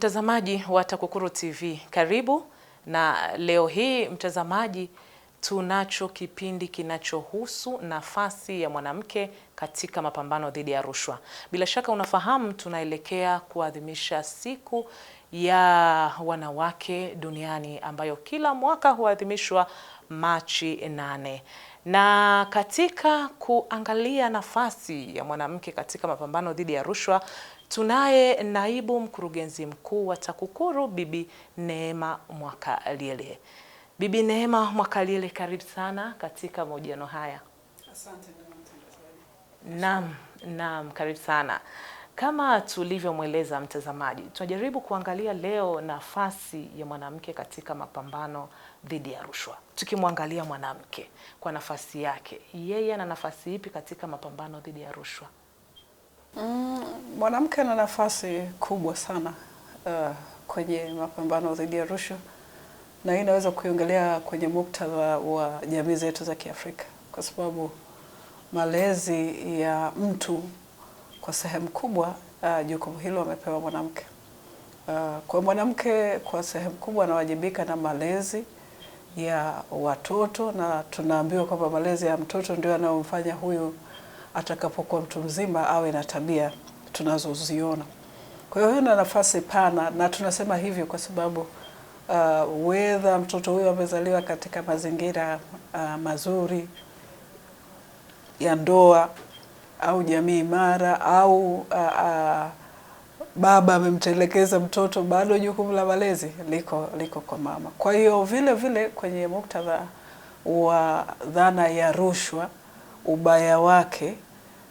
Mtazamaji wa TAKUKURU TV karibu, na leo hii mtazamaji, tunacho kipindi kinachohusu nafasi ya mwanamke katika mapambano dhidi ya rushwa. Bila shaka unafahamu tunaelekea kuadhimisha siku ya wanawake duniani ambayo kila mwaka huadhimishwa Machi nane na katika kuangalia nafasi ya mwanamke katika mapambano dhidi ya rushwa Tunaye naibu mkurugenzi mkuu wa TAKUKURU Bibi Neema Mwakalile. Bibi Neema Mwakalile, karibu sana katika mahojiano haya. Naam, naam, karibu sana. Kama tulivyomweleza mtazamaji, tunajaribu kuangalia leo nafasi ya mwanamke katika mapambano dhidi ya rushwa, tukimwangalia mwanamke kwa nafasi yake, yeye ana nafasi ipi katika mapambano dhidi ya rushwa? Mm, mwanamke mm, ana nafasi kubwa sana uh, kwenye mapambano dhidi ya rushwa na hii inaweza kuiongelea kwenye muktadha wa jamii zetu za Kiafrika kwa sababu malezi ya mtu kwa sehemu kubwa uh, jukumu hilo amepewa mwanamke. Uh, kwa mwanamke kwa sehemu kubwa anawajibika na malezi ya watoto, na tunaambiwa kwamba malezi ya mtoto ndio anayomfanya huyu atakapokuwa mtu mzima awe na tabia tunazoziona. Kwa hiyo hiyo na nafasi pana, na tunasema hivyo kwa sababu uh, wedha mtoto huyo amezaliwa katika mazingira uh, mazuri ya ndoa au jamii imara au uh, uh, baba amemtelekeza mtoto, bado jukumu la malezi liko liko kwa mama. Kwa hiyo vile vile kwenye muktadha wa dhana ya rushwa ubaya wake,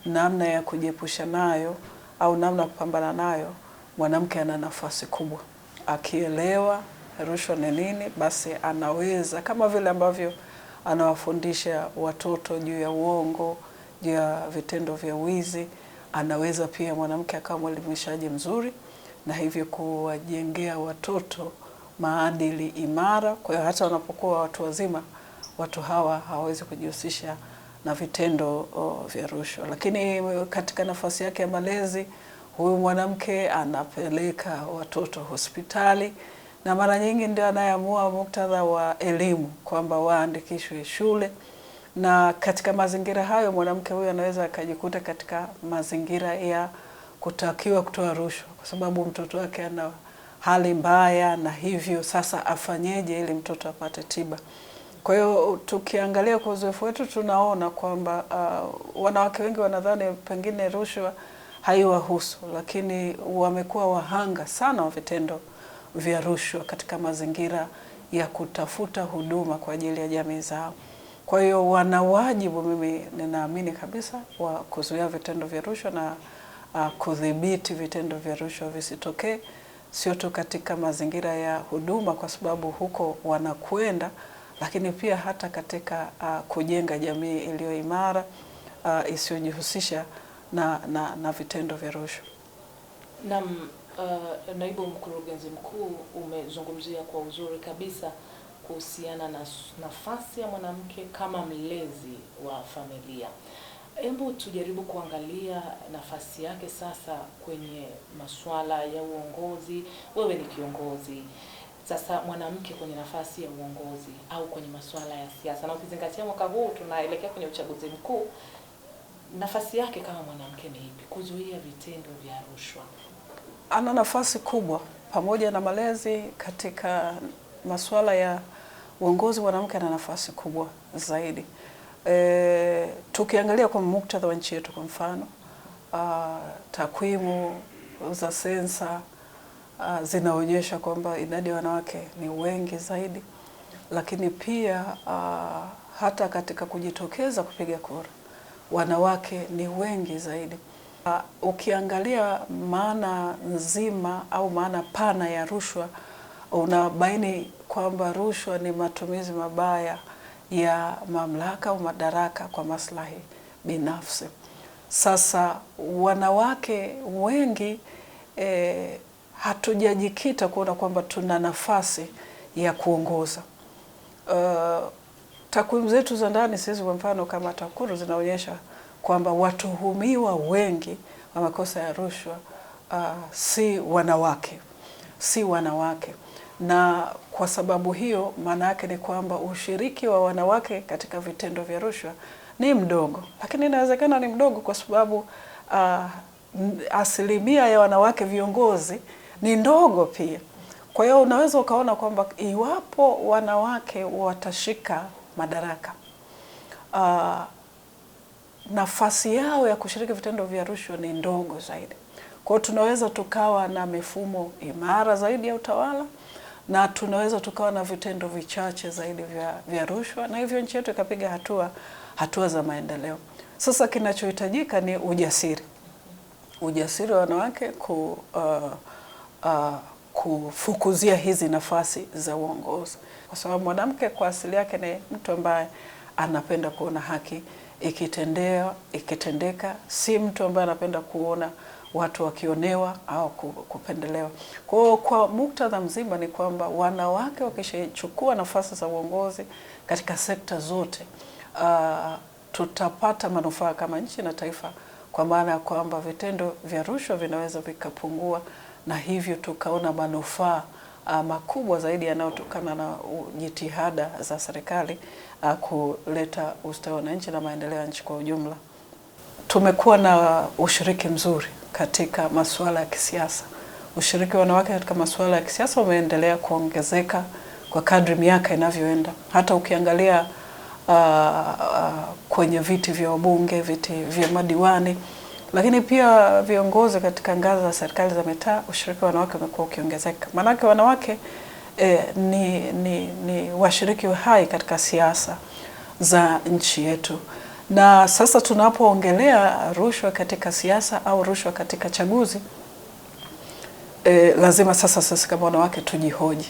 namna ya kujiepusha nayo au namna ya kupambana nayo, mwanamke ana nafasi kubwa. Akielewa rushwa ni nini, basi anaweza kama vile ambavyo anawafundisha watoto juu ya uongo, juu ya vitendo vya wizi, anaweza pia mwanamke akawa mwelimishaji mzuri na hivyo kuwajengea watoto maadili imara. Kwa hiyo hata wanapokuwa watu wazima, watu hawa hawawezi kujihusisha na vitendo oh, vya rushwa. Lakini katika nafasi yake ya malezi, huyu mwanamke anapeleka watoto hospitali na mara nyingi ndio anayeamua muktadha wa elimu kwamba waandikishwe shule, na katika mazingira hayo mwanamke huyu anaweza akajikuta katika mazingira ya kutakiwa kutoa rushwa, kwa sababu mtoto wake ana hali mbaya, na hivyo sasa afanyeje ili mtoto apate tiba. Kwa hiyo tukiangalia kwa uzoefu wetu tunaona kwamba uh, wanawake wengi wanadhani pengine rushwa haiwahusu, lakini wamekuwa wahanga sana wa vitendo vya rushwa katika mazingira ya kutafuta huduma kwa ajili ya jamii zao. Kwa hiyo wana wajibu, mimi ninaamini kabisa, wa kuzuia vitendo vya rushwa na uh, kudhibiti vitendo vya rushwa visitokee, sio tu katika mazingira ya huduma, kwa sababu huko wanakwenda lakini pia hata katika uh, kujenga jamii iliyo imara uh, isiyojihusisha na, na, na vitendo vya rushwa. Naam, uh, naibu mkurugenzi mkuu, umezungumzia kwa uzuri kabisa kuhusiana na nafasi ya mwanamke kama mlezi wa familia. Hebu tujaribu kuangalia nafasi yake sasa kwenye masuala ya uongozi. Wewe ni kiongozi sasa mwanamke kwenye nafasi ya uongozi au kwenye masuala ya siasa, na ukizingatia mwaka huu tunaelekea kwenye uchaguzi mkuu, nafasi yake kama mwanamke ni ipi kuzuia vitendo vya rushwa? Ana nafasi kubwa, pamoja na malezi katika masuala ya uongozi, mwanamke ana nafasi kubwa zaidi. E, tukiangalia kwa muktadha wa nchi yetu, kwa mfano takwimu za sensa uh, zinaonyesha kwamba idadi ya wanawake ni wengi zaidi, lakini pia uh, hata katika kujitokeza kupiga kura wanawake ni wengi zaidi. Uh, ukiangalia maana nzima au maana pana ya rushwa unabaini kwamba rushwa ni matumizi mabaya ya mamlaka au madaraka kwa maslahi binafsi. Sasa wanawake wengi eh, hatujajikita kuona kwamba tuna nafasi ya kuongoza. Uh, takwimu zetu za ndani sisi, kwa mfano kama TAKUKURU, zinaonyesha kwamba watuhumiwa wengi wa makosa ya rushwa uh, si wanawake, si wanawake na kwa sababu hiyo, maana yake ni kwamba ushiriki wa wanawake katika vitendo vya rushwa ni mdogo, lakini inawezekana ni mdogo kwa sababu uh, asilimia ya wanawake viongozi ni ndogo pia. Kwa hiyo unaweza ukaona kwamba iwapo wanawake watashika madaraka uh, nafasi yao ya kushiriki vitendo vya rushwa ni ndogo zaidi. Kwa hiyo tunaweza tukawa na mifumo imara zaidi ya utawala na tunaweza tukawa na vitendo vichache zaidi vya, vya rushwa na hivyo nchi yetu ikapiga hatua hatua za maendeleo. Sasa kinachohitajika ni ujasiri, ujasiri wa wanawake ku uh, uh, kufukuzia hizi nafasi za uongozi, kwa sababu mwanamke kwa asili yake ni mtu ambaye anapenda kuona haki ikitendea ikitendeka, si mtu ambaye anapenda kuona watu wakionewa au kupendelewa. Kwa hiyo kwa muktadha mzima ni kwamba wanawake wakishachukua nafasi za uongozi katika sekta zote, uh, tutapata manufaa kama nchi na taifa, kwa maana ya kwamba vitendo vya rushwa vinaweza vikapungua na hivyo tukaona manufaa uh, makubwa zaidi yanayotokana na jitihada za serikali uh, kuleta ustawi wa wananchi na maendeleo ya nchi kwa ujumla. Tumekuwa na ushiriki mzuri katika masuala ya kisiasa. Ushiriki wa wanawake katika masuala ya kisiasa umeendelea kuongezeka kwa kadri miaka inavyoenda. Hata ukiangalia uh, uh, kwenye viti vya wabunge, viti vya madiwani lakini pia viongozi katika ngazi za serikali za mitaa, ushiriki wa wanawake umekuwa ukiongezeka, maanake wanawake eh, ni, ni, ni washiriki hai katika siasa za nchi yetu na sasa tunapoongelea rushwa katika siasa au rushwa katika chaguzi e, lazima sasa sisi kama wanawake tujihoji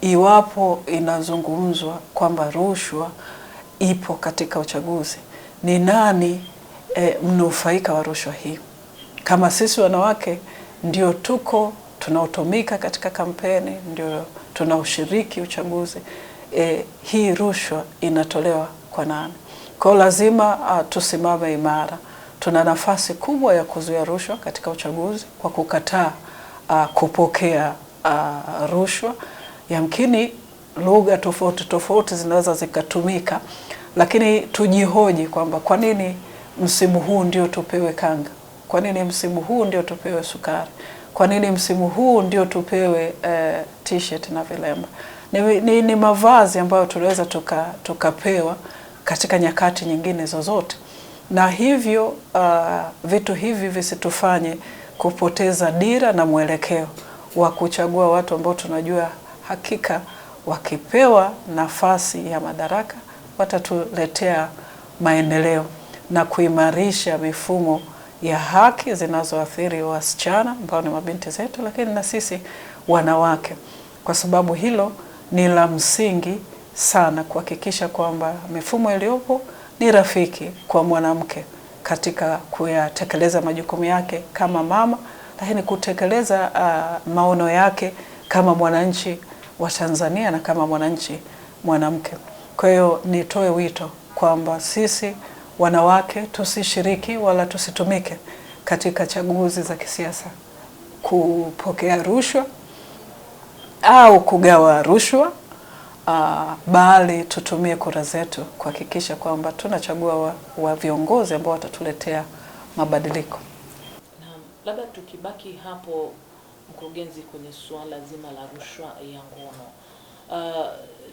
iwapo inazungumzwa kwamba rushwa ipo katika uchaguzi, ni nani e, mnufaika wa rushwa hii. Kama sisi wanawake ndio tuko tunaotumika katika kampeni, ndio tunaoshiriki uchaguzi e, hii rushwa inatolewa kwa nani? kwao lazima a, ah, tusimame imara. Tuna nafasi kubwa ya kuzuia rushwa katika uchaguzi kwa kukataa a, ah, kupokea a, ah, rushwa. Yamkini lugha tofauti tofauti zinaweza zikatumika, lakini tujihoji kwamba kwa nini msimu huu ndio tupewe kanga? Kwa nini msimu huu ndio tupewe sukari? Kwa nini msimu huu ndio tupewe uh, t-shirt na vilemba? Ni, ni, ni mavazi ambayo tunaweza tuka, tukapewa katika nyakati nyingine zozote, na hivyo uh, vitu hivi visitufanye kupoteza dira na mwelekeo wa kuchagua watu ambao tunajua hakika wakipewa nafasi ya madaraka watatuletea maendeleo na kuimarisha mifumo ya haki zinazoathiri wasichana ambao ni mabinti zetu, lakini na sisi wanawake, kwa sababu hilo ni la msingi sana kuhakikisha kwamba mifumo iliyopo ni rafiki kwa mwanamke katika kuyatekeleza majukumu yake kama mama, lakini kutekeleza uh, maono yake kama mwananchi wa Tanzania na kama mwananchi mwanamke. Kwa hiyo nitoe wito kwamba sisi wanawake tusishiriki wala tusitumike katika chaguzi za kisiasa, kupokea rushwa au kugawa rushwa, ah, bali tutumie kura zetu kuhakikisha kwamba tunachagua wa, wa viongozi ambao watatuletea mabadiliko. labda tukibaki hapo mkurugenzi, kwenye suala zima la rushwa ya ngono uh,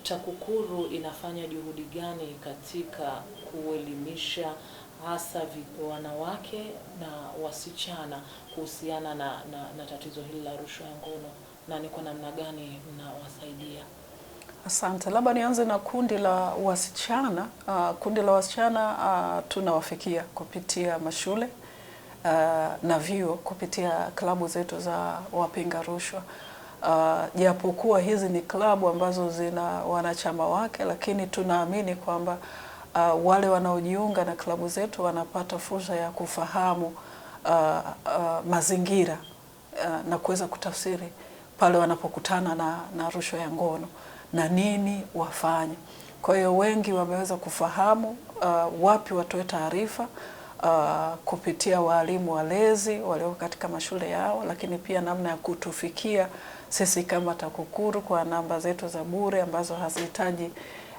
TAKUKURU inafanya juhudi gani katika kuelimisha hasa wanawake na wasichana kuhusiana na, na, na tatizo hili la rushwa ya ngono na ni kwa namna gani mnawasaidia? Asante, labda nianze na kundi la wasichana. Uh, kundi la wasichana uh, tunawafikia kupitia mashule uh, na vyuo kupitia klabu zetu za wapinga rushwa. Uh, japokuwa uh, hizi ni klabu ambazo zina wanachama wake, lakini tunaamini kwamba uh, wale wanaojiunga na klabu zetu wanapata fursa ya kufahamu uh, uh, mazingira uh, na kuweza kutafsiri pale wanapokutana na, na rushwa ya ngono na nini wafanye. Kwa hiyo wengi wameweza kufahamu uh, wapi watoe taarifa uh, kupitia waalimu walezi walioko katika mashule yao, lakini pia namna ya kutufikia sisi kama TAKUKURU kwa namba zetu za bure ambazo hazihitaji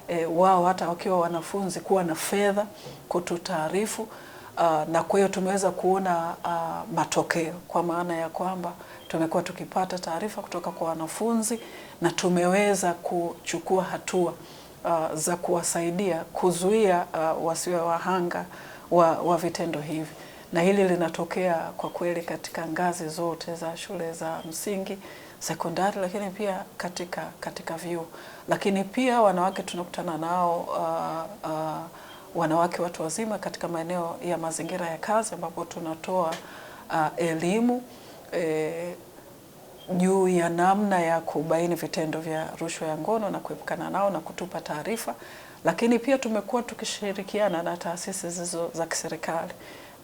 e, wao hata wakiwa wanafunzi kuwa na fedha kututaarifu. Uh, na kwa hiyo tumeweza kuona uh, matokeo kwa maana ya kwamba tumekuwa tukipata taarifa kutoka kwa wanafunzi na tumeweza kuchukua hatua uh, za kuwasaidia kuzuia uh, wasiwe wahanga wa, wa vitendo hivi, na hili linatokea kwa kweli katika ngazi zote za shule za msingi sekondari, lakini pia katika, katika vyuo. Lakini pia wanawake tunakutana nao uh, uh, wanawake watu wazima katika maeneo ya mazingira ya kazi ambapo tunatoa uh, elimu eh, juu ya namna ya kubaini vitendo vya rushwa ya ngono na kuepukana nao na kutupa taarifa, lakini pia tumekuwa tukishirikiana na taasisi zilizo za kiserikali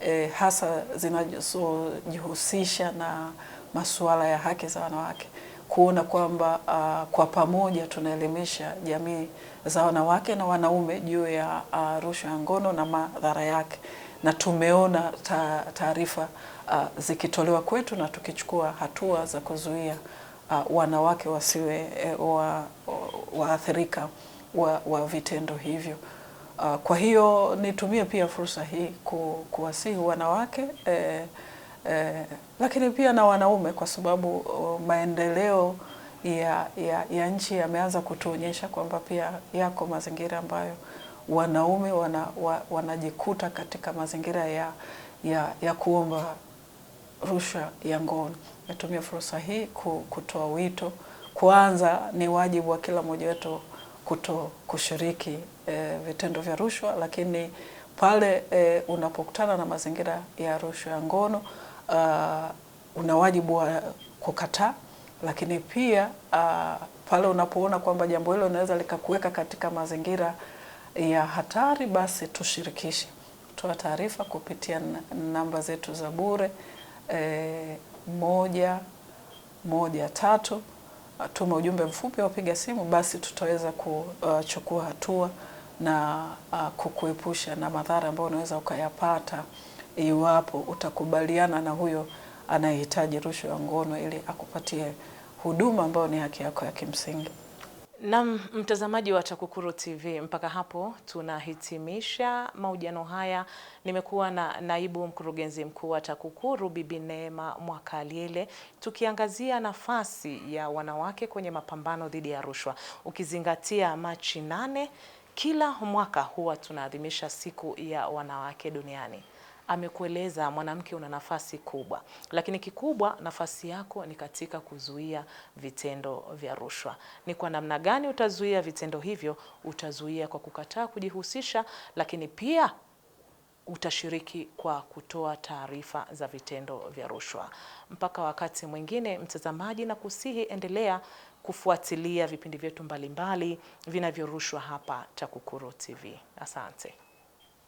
eh, hasa zinazojihusisha na masuala ya haki za wanawake, kuona kwamba uh, kwa pamoja tunaelimisha jamii za wanawake na wanaume juu ya uh, rushwa ya ngono na madhara yake, na tumeona taarifa uh, zikitolewa kwetu na tukichukua hatua za kuzuia uh, wanawake wasiwe eh, waathirika wa, wa, wa vitendo hivyo. Uh, kwa hiyo nitumie pia fursa hii ku, kuwasihi wanawake eh, Eh, lakini pia na wanaume kwa sababu oh, maendeleo ya, ya, ya nchi yameanza kutuonyesha kwamba pia yako mazingira ambayo wanaume wana, wa, wanajikuta katika mazingira ya, ya, ya kuomba rushwa ya ngono. Natumia fursa hii kutoa wito, kwanza ni wajibu wa kila mmoja wetu kuto kushiriki e, vitendo vya rushwa, lakini pale e, unapokutana na mazingira ya rushwa ya ngono uh, una wajibu wa kukataa, lakini pia uh, pale unapoona kwamba jambo hilo linaweza likakuweka katika mazingira ya hatari, basi tushirikishe, toa taarifa kupitia namba zetu za bure e, moja moja tatu. tume ujumbe mfupi au piga simu, basi tutaweza kuchukua hatua na uh, kukuepusha na madhara ambayo unaweza ukayapata iwapo utakubaliana na huyo anayehitaji rushwa ya ngono ili akupatie huduma ambayo ni haki yako ya kimsingi. Naam, mtazamaji wa TAKUKURU TV, mpaka hapo tunahitimisha mahojiano haya. Nimekuwa na naibu mkurugenzi mkuu wa TAKUKURU Bibi Neema Mwakaliele, tukiangazia nafasi ya wanawake kwenye mapambano dhidi ya rushwa, ukizingatia Machi nane kila mwaka huwa tunaadhimisha siku ya wanawake duniani amekueleza mwanamke, una nafasi kubwa, lakini kikubwa nafasi yako ni katika kuzuia vitendo vya rushwa. Ni kwa namna gani utazuia vitendo hivyo? Utazuia kwa kukataa kujihusisha, lakini pia utashiriki kwa kutoa taarifa za vitendo vya rushwa. Mpaka wakati mwingine, mtazamaji, na kusihi endelea kufuatilia vipindi vyetu mbalimbali vinavyorushwa hapa TAKUKURU TV. Asante.